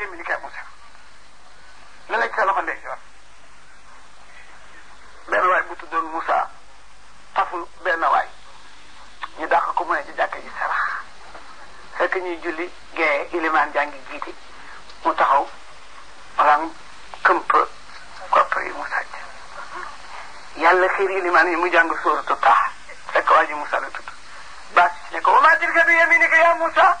yem ni kay musaf la nekk sa loxo ndeyjoor benn waay bu tuddoon Moussa taful benn waay ñu dàq ko mu ne ci jàkka ji sarax fekk ñuy julli gaye ilimaan jàngi jiiti mu taxaw rang këmp kopp yi mu sàcc yàlla xiir ilimaan yi mu jàng sóoratu taax fekk waa ji Moussa la tudd baas ci ne ko wa maa tilka bi yaa Moussa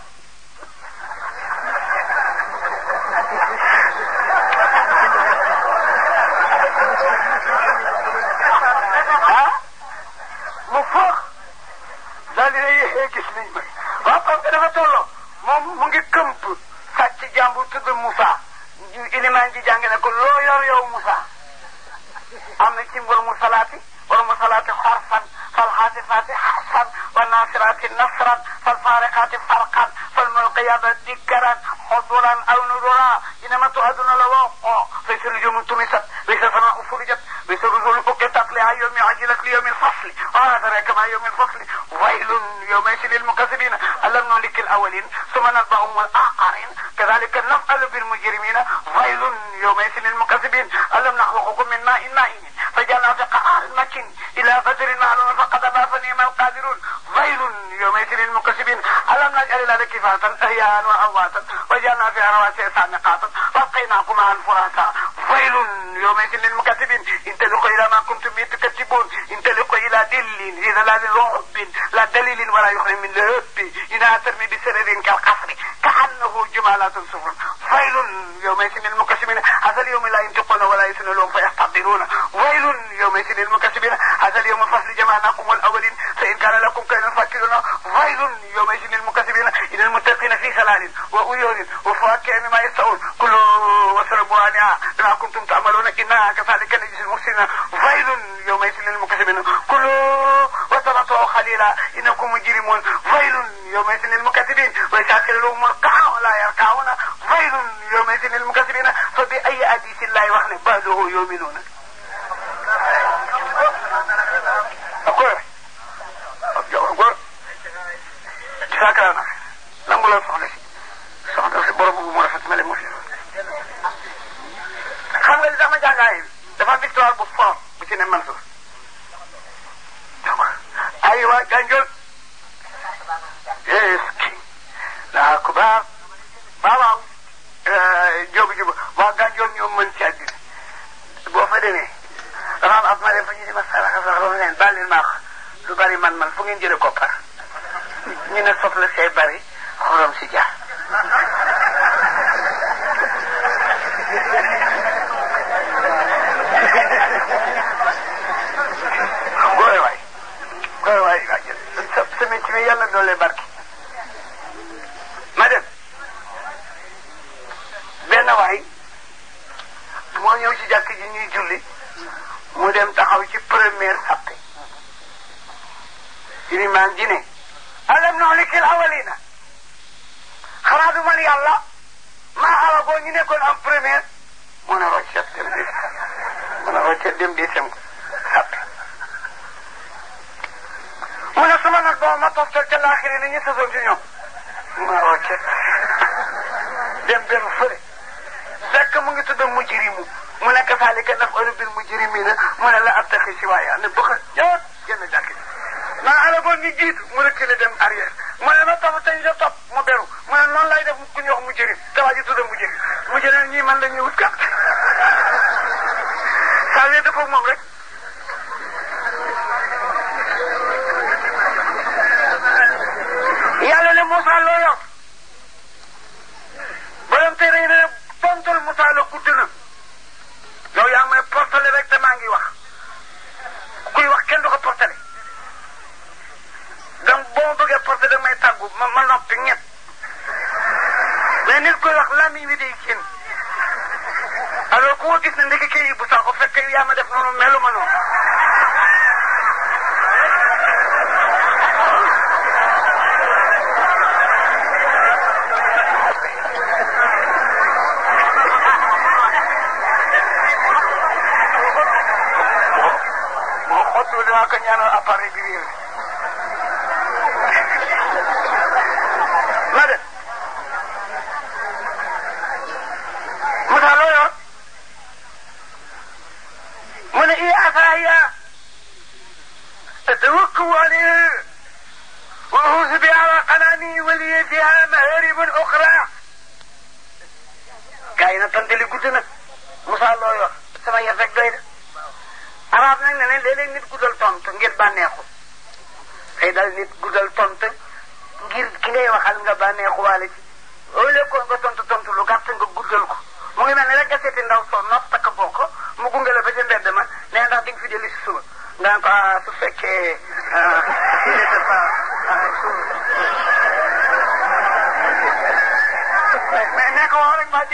ah mu foox daal di ne gis nañ ma waaw xam nga dafa tolloo moom mu ngi këmp sàcc jàmbur tudd Moussa ilimaan ji jàng ne ko loo yor yow Moussa am na ci war mu salaati war mu salaati xarfan fal xaasifaati xarfan wal naasiraati nasran fal faariqaati farqan fal mulqiyaati dikran xuduran aw nudura inama tuaduna la woo xoo oh, fay sa nujumu tumisat يوم الفصل وهذا كما يوم الفصل ويل يومئذ للمكذبين ألم نهلك الأولين ثم نتبعهم الآخرين كذلك نفعل بالمجرمين ويل يومئذ للمكذبين ألم نخلقكم من ماء ماء فجعلنا في قعر مكين إلى فجر معلوم فقد ما فنيم القادرون ويل يومئذ للمكذبين ألم نجعل لك فاتا اهيانا وأمواتا وجعلنا فيها رواسي سامقة يومئذ للمكذبين انطلقوا إلى ما كنتم به تكذبون انطلقوا إلى دل إذا لا ذو حب لا دليل ولا يخرج من لهب إنها ترمي بسرر كالقصر كأنه جمالات سفر ويل يومئذ للمكذبين هذا اليوم لا ينطقون ولا يسنون فيستعبدون ويل يومئذ للمكذبين uma na waay moo ñëw ci jàkk ji ñuy julli mu dem taxaw ci première sàppe ilimaan ji ne alam noxlikil awalina xanaa du man yàlla maa ala boo ñu nekkoon am première mu ne roccet dem di mu ne roccet dem di sem sàppe mu ne suma nag boo ma toftal ca laaxiri li ñu sasoon ci ñoom mu ne roccet dem benn fële fekk mu ngi tudd mujrimu mu nekk faalika nafalu bil mujrimina mu ne la abtaxi si waaya ne bëgg jot génn jàkk naa ala boon ñu jiitu mu ne kële dem arrière mu ne na topp tañ la topp mu beru mu ne noonu lay def ku ñu wax mujrim te waa ji tudd mujrim mujrim ñii man la ñuy wut kat saa wee dafa moom rek yàlla ne Moussa loolu ngi wax kuy wax kenn du ko portale donc boo ma bëggee portale danga may tàggu ma ma noppi ñett mais nit koy wax lamiñ wi day génn alors ku ko gis ne ndeke kii bu sax ko fekk yaa ma def noonu melu ma noonu Abdou dinaa ko ñaanal appareil bi wér bànneexu xëy dal nit guddal tont ngir ki ngay waxal nga bànneexu waale ci au lieu tontu tontu lu gàtt nga guddal ko mu ngi mel ne ndaw soo nopp takk mu gunge la ba ca mbedd ma nee ndax di si suba nga ne ko ah su fekkee ah, ah, mais nekk wax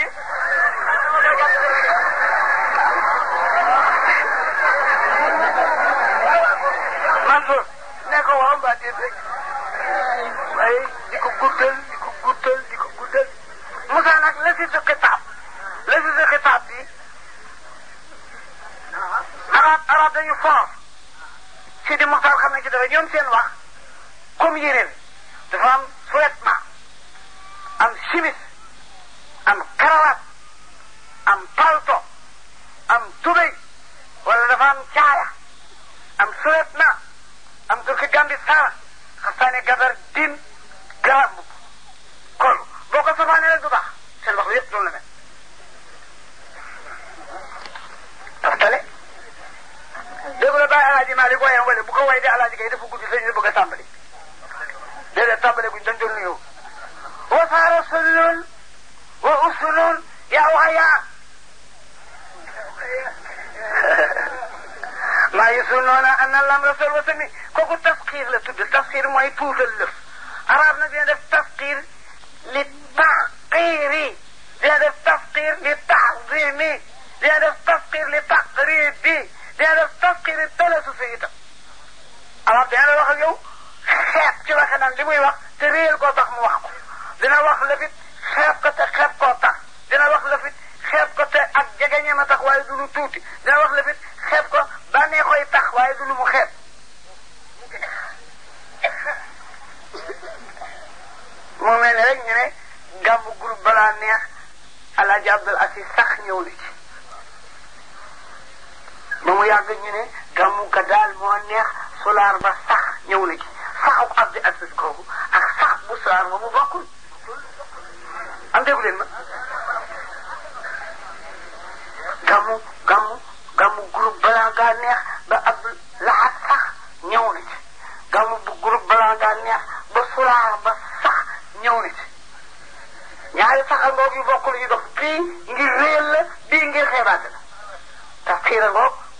fa ne ko waaw mbaa dee fekk waaye di ko guddal di ko guddal nag la si sa xitaab la si sa xitaab bi arab arab dañu foor seen wax comme yeneen dafa am sous-vêtement am chemise jabar din garab bu kon boo ko safaanee rek du baax seen wax yëpp noonu la mel. toftale dégg la bàyyi alaaji Maalik wayam bu ko way de alaaji kay dafa gudd sañu bëgg a tàmbali déedéet tàmbale guñ dañ doon nuyoo wasaara sunnun wa usulun yaa waxyaa maa yusunnoona anna lam rasul wasami التفكير لتدل تفكير ما يفوز اللف أرادنا بهذا التفكير للتحقير بهذا التفكير للتعظيم بهذا التفكير للتقريب بهذا التفكير الثلاث سيدة أراد بهذا الوقت اليوم خاب كما كان عندي مي وقت تريل قطق موحق دينا وقت لفت خاب قطق خاب قطق دينا وقت لفت خاب قطق أجاجاني ما تقوى يدولو توتي دينا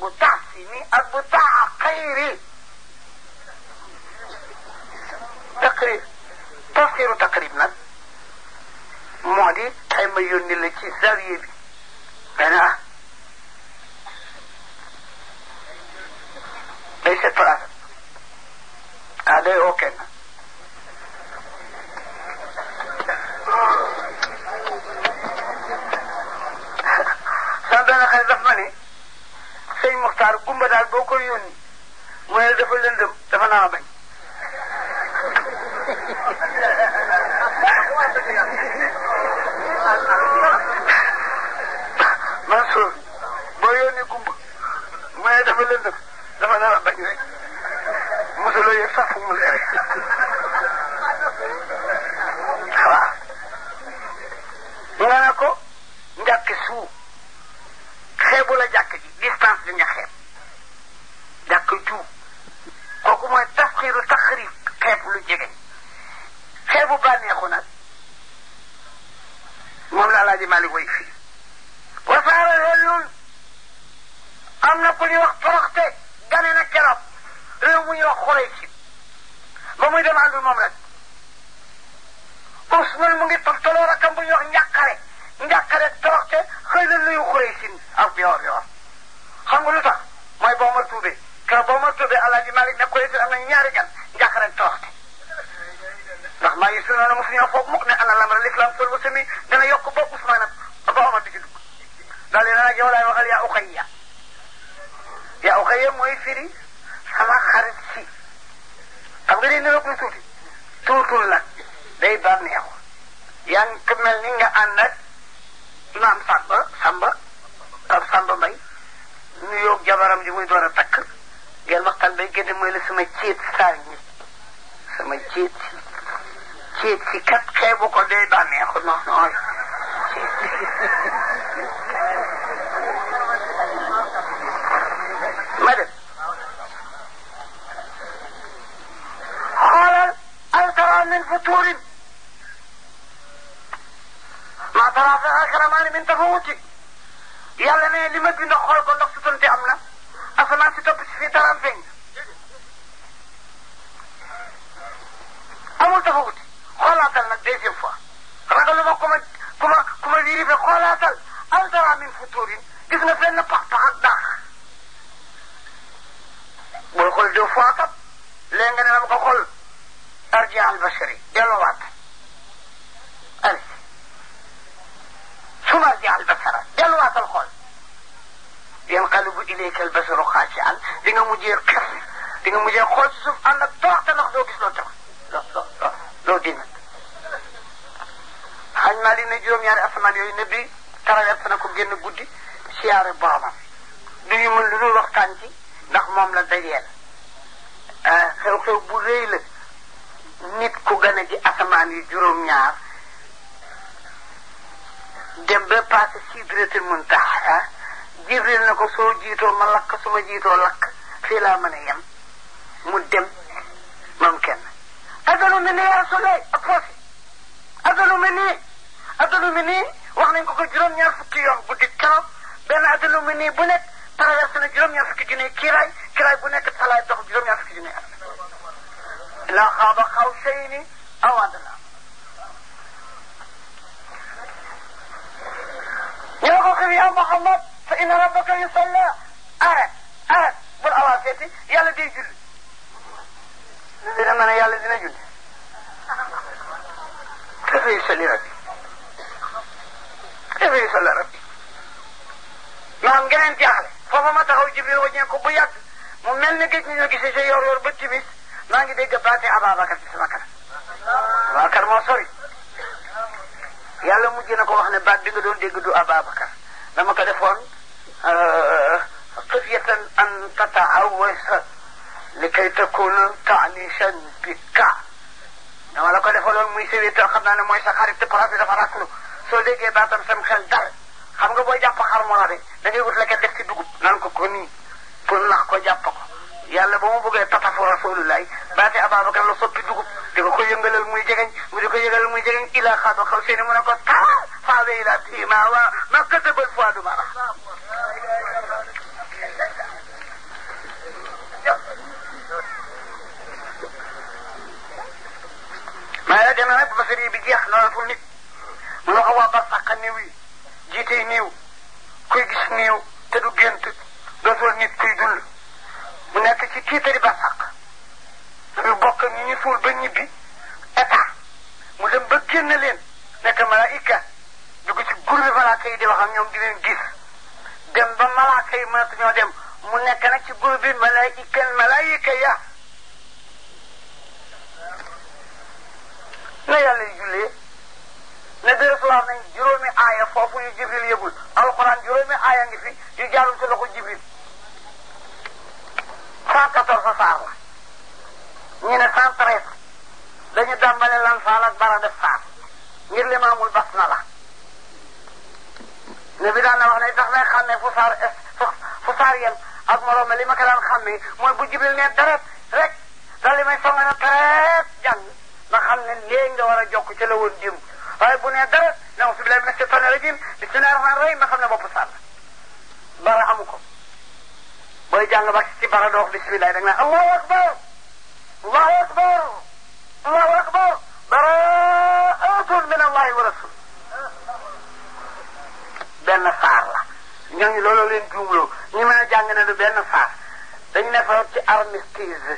بتاع سيماء بتاع خيري تقريب تصير تقريبا مولي حميون اللي تي زاوية بي أنا ليس فراسة هذا أوكي سبحانك خير رحمني sëñ Muxtaar gumba daal boo koy yónni mu lëndëm dafa naa bañ Mansour boo gumba mu ne lëndëm dafa naa bañ rek mosuloo yëg sax fu mu leere waaw nga ne ko njàkki suu la jàkk Koweït am nañu ñaari gan njàqare toroxte ndax maa ngi suñu noonu mosu ñoo foog mukk ne ana lamar l'islam sol bu semi dana yokk bopp Ousmane ak ba Omar di ci dugg daal leen nag mooy firi să mă țit sarni, să mă țit, țit și cât trebuie cu de bani, cu noi noi. مدد قال هل ترى من فتور ما ترى في أكرمان من تفوتي yàlla ne li ma bind xool ko ndox su tonte am na asamaan si topp si fii taram feeñ خلاتل نتي جنفا رجل ما كما كما كما ديري في خلاتل الدرا من فطورين قسنا فين نبقى تحق داخ ويقول دو فاطب لين غني نبقى قول ارجع البشري يلو بات ألس شو مرجع البشرة يلو بات الخل ينقلب إليك البشر خاشعا دينا مجير كفر دينا مجير خلصف أنك تعطي نخدو قسنا لا لا لا لا دينا xaj maa li ne juróom-ñaari asamaan yooyu ne bi traversé na ko génn guddi siyaare boromam du ñu mën lu dul waxtaan ci ndax moom la dajeel ah, xew-xew bu rëy la nit ku gën ji asamaan yu juróom-ñaar dem ba passé sidratul muntaha ah, jibril na ko soo jiitoo ma lakk su ma jiitoo lakk fii laa mën a yem mu dem moom kenn agalu mi nii yaa sule ak foosi agalu mi nii adduna mi wax nañ ko ko juróom-ñaar fukki yoon guddi keroog benn adduna mi bu nekk traversé na juróom-ñaar fukki junne kiiraay kiiraay bu nekk salaay dox juróom-ñaar fukki junne la xaaba xaw sey ni aw àdduna ñoo ko xëy yow Mouhamad fa inna rabbaka yusalla arrête arrête bul avancé yàlla day julli dina mën a yàlla dina julli كيف يسألنك defee yusalli ala nabi maam geneen jaaxle foofa ma taxaw jibril waññee ko bu yàgg mu mel ni gëj nañoo gisee sa yor yor ba timis maa ngi dégg baate Ababacar ci sama kanam Ababacar moo sori yàlla mujj na ko wax ne baat bi nga doon dégg du Ababacar dama ko defoon xifyatan an tataawasa li kay takuna taanisan bi ka dama la ko defaloon muy séwétal xam naa ne mooy sa xarit te palaas bi dafa raklu soo déggee baatam sam xel dal xam nga booy jàpp xar mu rabe da ngay wut la ka def ci dugub nan ko ko nii pour nax ko jàpp ko yàlla ba mu bëggee tatafu rasulullahi baati ababacar la soppi dugub di ko ko yëngalal muy jegeñ mu di ko yëngalal muy jegeñ ila xaaba xaw seeni mu ne ko taa faabe ila tiima waa ma katabal fois du mara ma ya dana nag basari bi jeex noonu fu nit loo xam waa barsax niiw yi jiitey niiw kuy gis niiw te du gént dootoo nit kuy dul mu nekk ci tiitari barsax ñu bokk ñu ñu suul ba ñibbi état mu dem ba génn leen nekk malaayika dugg ci gurbi malaaka yi di wax ak ñoom di leen gis dem ba malaaka yi mënatu ñoo dem mu nekk nag ci gurbi malaayika malaayika ya na yàlla jullee ne bi recevoir nañ juróomi aaya foofu yu jibril yëgul alxuraan juróomi aaya ngi fi yu jaarul ci loxo jibril cent quatorze saar la ñu ne cent treize dañu dàmbale lan faal ak bara def saar ngir limaamul bas na ne bi daan na wax ne tax may xàmmee fu saar fu saar yem ak moroom li ma ko daan xàmmee mooy bu jibril ne deret rek dal li may songa na tereet jàng nga xam ne léegi nga war a jokk ci la woon démb waaye bu nee dara na auzu billahi mina shaytaani rajim bismillahi rahmaani rahim nga xam ne bopp sàll bara amu ko booy jàng ba ci bara doo wax bismillahi da nga naan allahu akbar allahu akbar allahu akbar baraatun min allahi wa rasul benn saar la ñooñu loolu leen juumloo ñu mën a jàng ne du benn saar dañu nekkoon ci armistice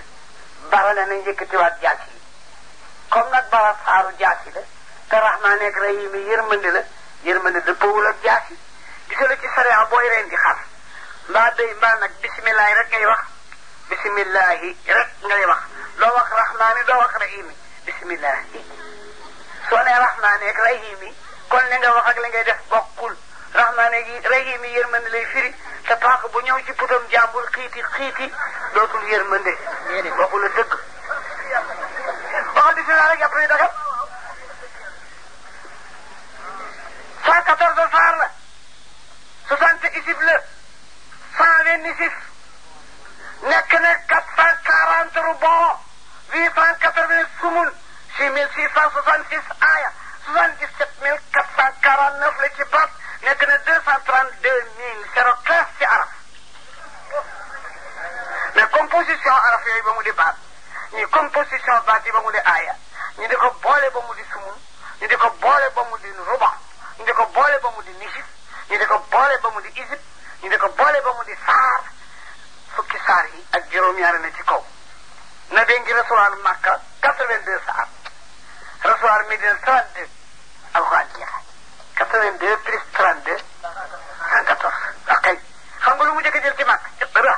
bara ne nañ yëkkatiwaat jaas yi comme nag bara saaru jaas la te rahmaane ak rahim yi yërmande la yërmande dëppoowul ak jaas yi gisala ci sariya booy reen di xar mbaa day mbaa nag bisimilahi rek ngay wax bisimilahi rek ngay wax doo wax rahmaani doo wax rahimi bisimilahi soo nee rahmaane ak rahimi kon li nga wax ak li ngay def bokkul rahmaane gi rahimi yërmande lay firi te paaka bu ñëw ci putam jàmbur xiiti xiiti dootul yërmande waxu la dëgg wax bisimilah rek yàpp yi dagal 114 phares, 60 ici bleus, 126, n'est que 440 robots, 880 soumoun, 6666 aïe, 77 449 le n'est que 232 000, 015 si araf. La composition araf yoy bamou de bat, ni composition bat yoy bamou de aïe, ni de boire bolé bamou de soumoun, ni de boire bolé bamou de rubans. ñu di ko boole ba mu di Misir ñu di ko boole ba mu di Égypte ñu di ko boole ba mu di saar fukki saar yi ak juróom-ñaari na ci kaw. na bee ngi recevoir Makka 82 saar recevoir Médina 32 alxuraan jeex 82 plus 32 114 ak kay xam nga lu mu jëkk jël ci Makka ci dara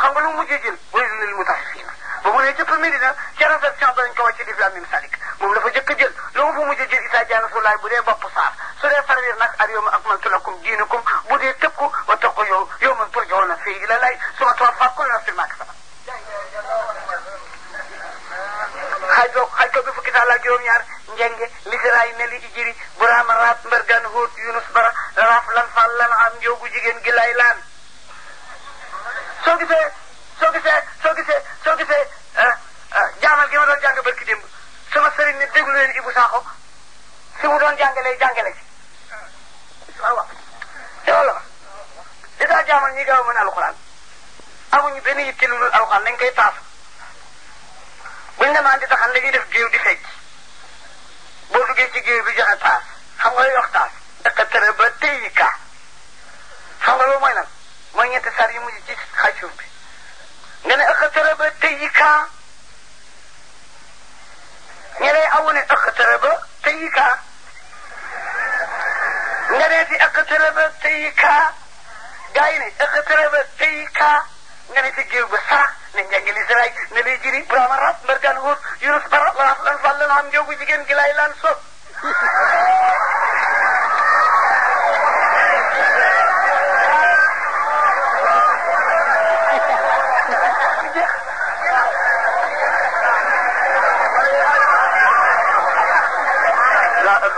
xam nga lu mu mujjee jël mooy lil mutafifiina ba mu ne jëpp Médina ci réception ba lañ ko wàcc ci dif la mim salik moom dafa jëkk jël lu mu fa mujjee jël Isaa Jaan Rasulullaah bu dee bopp saar farwir nag al yawma akmaltu lakum diinakum bu dee ñaar yi mujj ci xàccur bi nga ne ëqatara ba tëyi kaa ñe lay awu ne ëqatara ba tëyi kaa nga ne ti ëqatara ba tëyi kaa gaa yi ne ëqatara ba tëyi kaa nga ne ti géew ba sarax ne njàngi li saraay ne lay jiri brahma rab mbargaan hóor yunus bara laas lan fàll lan am njogu jigéen gi laay lan soob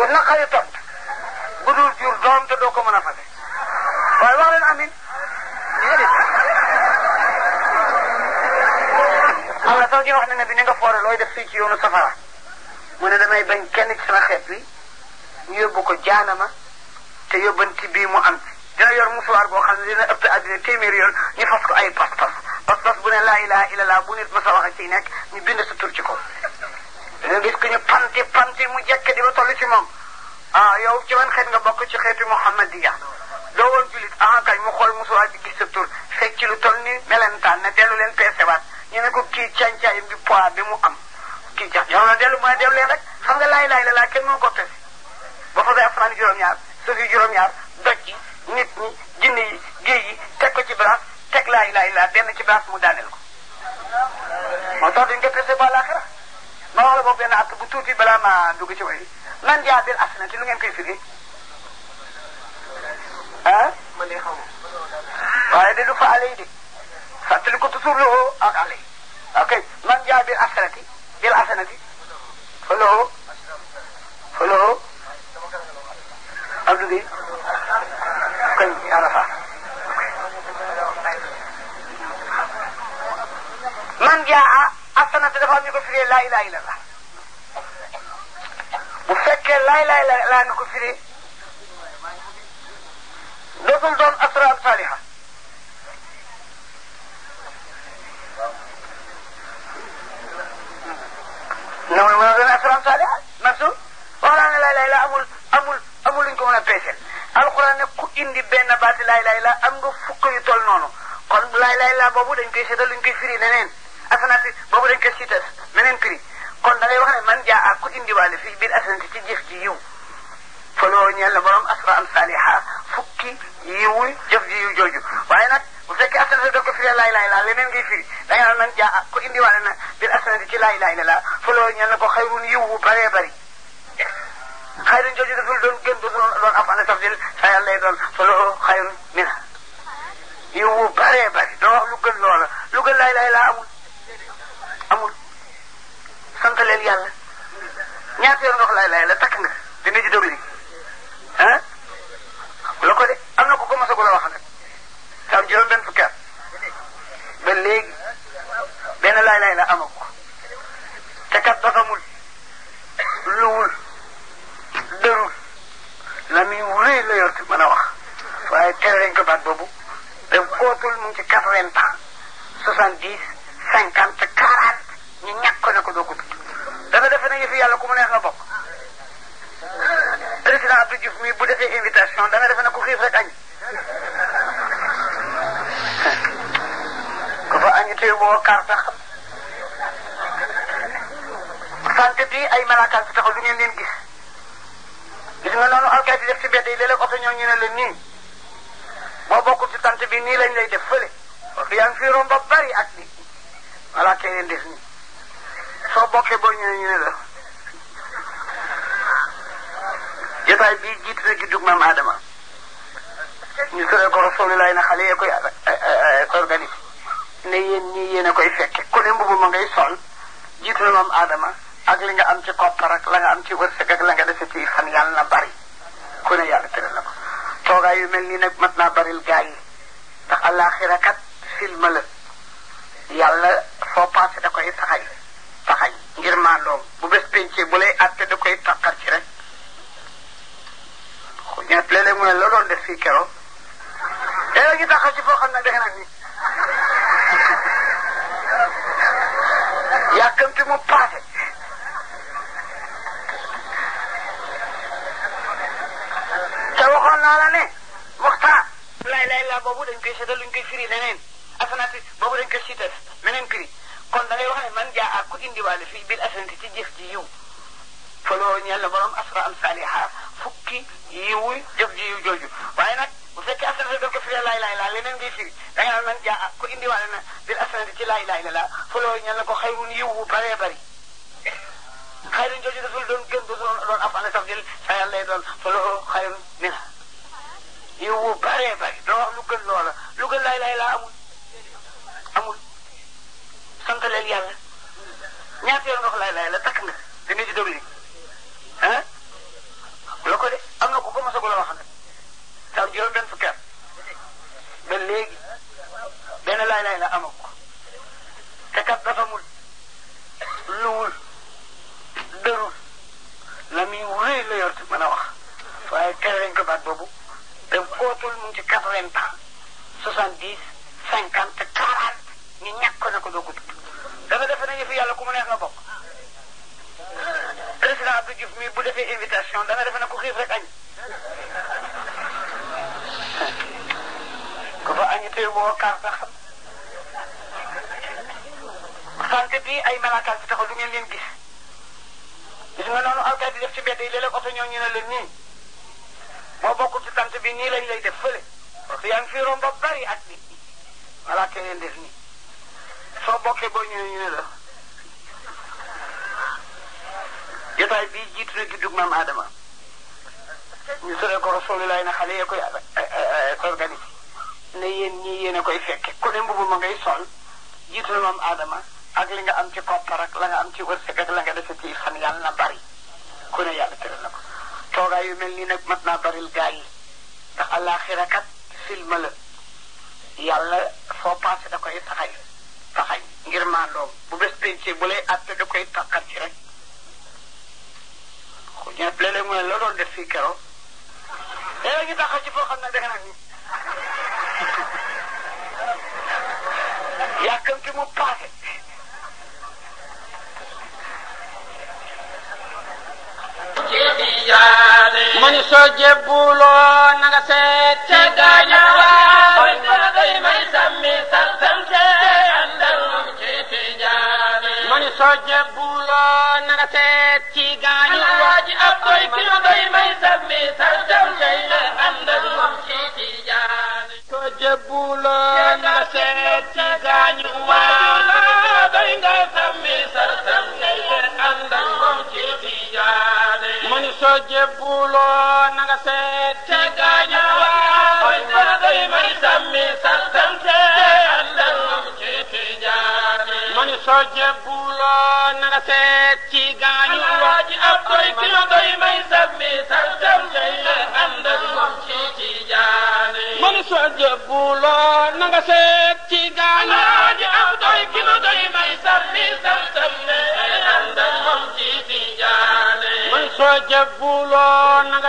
bu naqari tont bu dul jur doom te doo ko mën a fase waaye wax leen amin déedéet am na sax ñu wax ne ne bi ni nga foore looy def fii ci yoonu safara mu ne damay bañ kenn ci sama xeet wi ñu yóbbu ko jaanama te yóbbanti bii mu am dina yor musuwaar boo xam ne dina ëpp àddina téeméeri yoon ñu fas ko ay pas-pas pas-pas bu ne laa ilaha illallah bu nit ma sa wax a ciy nekk ñu bind sa tur ci ko nga gis ku ñu panti panti mu jekk di ba toll ci moom ah yow ci man xeet nga bokk ci xeetu Muhammadiya doo woon julit ah kañ mu xool musuwaay bi gis sa tur fekk ci lu toll ni melentaan ne dellu leen peesewaat ñu ne ko kii càncaayam bi poids bi mu am kii jax yow na dellu mu ne dellu leen rek xam nga laay laay la laa kenn moo ko pes ba fa bay asamaan juróom-ñaar suuf yi juróom-ñaar doj yi nit ñi jinne yi géej yi teg ko ci braas teg laay laay laa benn ci braas mu ko moo ma wax la boobu benn at bu tuuti balaa ma dugg ci way man jaa bil asanati lu ngeen koy firi ah waaye de du fa alay de fàttali ko toujours loxo ak alay ok man jaa bil asanati bil asanati fa loxo fa loxo واحد يقول في لا اله الا الله مفكر لا اله الا الله انه كفر لازم دون اسرى الفالحه نعم ما نعم، دون نعم، نعم، اسرى الفالحه مرسول قران لا اله الا امول امول امول نكو ولا بيسل القران كو اندي بن بات لا اله الا ام فك يتول نونو كون لا اله الا بوبو دنج كاي سيتال دنج كاي فري نينن asanati boobu dañ ko siitas meneen prix kon da wax ne man jaa ku indiwaale fii biir asanati ci jëf ji yiw fa loolu ñeel na borom asra am saaliha fukki yu jëf ji yiw jooju waaye nag bu fekkee asanati da ko firee laay laay laa leneen ngay firi da nga na biir asanati ci laay laay laa na ko xayrun yiwu baree bari xayrun jooju daful doon gën daful doon ab ana tafdil sa yàlla lay doon fa loolu xayrun mina yiwu baree bari doo wax lu gën loola lu gën laay santaleel yàlla ñaata yoon nga wax laay la takk nga dina ji Dominique ah la ko de am na ko ko mos a la wax nag sa am benn fukki at léegi benn laay laay la amoo ko te kat doxamul luwul dërul la muy wuree la yor ci mën a wax waaye tere dañ ko baat boobu daf kootul mu ngi ci quatre soixante-dix cinquante quarante ñu ñàkk ko ne ko doo ko tudd la nga defe ne yëfi yàlla ku mu neex nga bokk président Abdou Diouf mii bu defee invitation da nga defe ne ku xiif rek añ ku fa añ tey boo kaar sax santé bi ay malakaan si taxaw du ngeen leen gis gis nga noonu alkaati def ci mbedd yi léeg-léeg oto ñoo ñu ne la nii boo bokkul ci sant bi nii lañ lay def fële yaa ngi fi romb ba bari ak bi malaaka yi leen def soo bokkee boo ñëwee ñu ne la jotaay bii jiitu na juddug maam Adama ñu sore ko Rasulullah na xale yee koy eh, eh, eh, organisé ne yéen ñii yéen a koy fekke ku ne mbubu ma ngay sol jiitu na maam Adama ak li nga am ci koppar ak la nga am ci wërsëg ak la nga dese ci fan yàlla na bari ku ne yàlla tëral na ko toogaay yu mel nii nag mat naa baril gaa yi ndax àllaaxira kat film la yàlla foo passé da koy saxay ngir maandoom bu bés pencee bu lay àtte da koy taqar ci rek ñett léeg-léeg mu ne la doon def fii keroog léeg-léeg ñu ci foo xam ne defe naa ni yàkkamti mu paase te waxoon naa la ne waxtaan lay lay laa boobu dañ koy seetal luñ koy firi neneen asanati boobu dañ koy siital meneen firi kon da ngay wax ne man jaa ak ku indiwaale fii bil asanati ci jëf ji yiw fa loo ñeel na borom asra am saaliha fukki yiwu jëf ji yiw jooju waaye nag bu fekkee asanati daf ko firee laay laay laa leneen ngay firi da nga naan man jaa ak ku indiwaale na bil asanati ci laay laay laa fa loo ñeel na ko xayrun yiw wu baree bari xayrun jooju daful doon gën du doon doon af ana tafdil sa yàlla lay doon fa loo xayrun min yiw wu baree bari doo wax lu gën loola lu gën laay laay laa amul amul dooleel yàlla ñaata yoon nga ko laay laay la takk nga te nii di déglu nii ah la ko de am na ku ko mosagul a wax nag saa juróom benn fukki at ba léegi benn laay laay la amoo ko kat dafa mul luwul dërul la muy wéy la yor ci mën a wax waaye tere lañ ko baat boobu te kootul mu ngi ci quatre soixante-dix cinquante quarante ñu ñàkk na ko doo ko dafa defe ne yëfi yàlla ku mu neex nga bokk président Abdou Diouf mii bu defee invitation da nga defe ne ku xiif rek añ ku fa añu tey boo kaar sax xam santé bi ay malakaan fi taxaw du ngeen leen gis gis nga noonu alkaati def ci mbedd yi léeg-léeg oto ñoo ñu ne leen nii boo bokkul ci sant bi nii lañ lay def fële parce que yaa ngi fi romb ba bari at bi malaaka leen def nii soo bokkee boo ñëwee ñu ne la jotaay bii jiitu na juddug maam Adama ñu soree ko Rasulullah na xale yee koy eh, eh, organisé ne yéen ñii yéen a koy fekke ku mbubu ma ngay sol jiitu na maam Adama ak li nga am ci koppar ak la nga am ci wërsëg ak la nga defe ci fan yàlla na bari ku ne yàlla tëral na ko toogaay yu mel nii nag mat naa baril gaa yi ndax àllaaxira kat silma la yàlla foo paase da koy taxay sa xaj ngir maandoom bu bés bu lay àtte da koy taqat ci rek ku ñëpp léeg-léeg mu ne la doon def fii keroog léeg-léeg ñu taxaw ci foo xam ne danga naan yàkkamti mu paase ma ni soo jébbuuloo na nga seet te gaañu waay ma day may sàmmi sal sal mani soo jébbuloo na nga seet ci gaañu waa ji ab doy ki ma doy may sammi sarjam lay la ànd ak moom ci ci seet ci gaañu waa la doy nga may sammi sarjam lay la ànd ak moom ci ci jaan loo na nga seet ci gaañu alaaji ab koy ki la doy may sab mi sartam day la ànd ak moom ci ci jaane mënu sa jëbbu loo na nga seet ci gaañu alaaji ab koy ki la doy may sab mi sartam day la ànd ak moom ci ci jaane mënu sa jëbbu loo na nga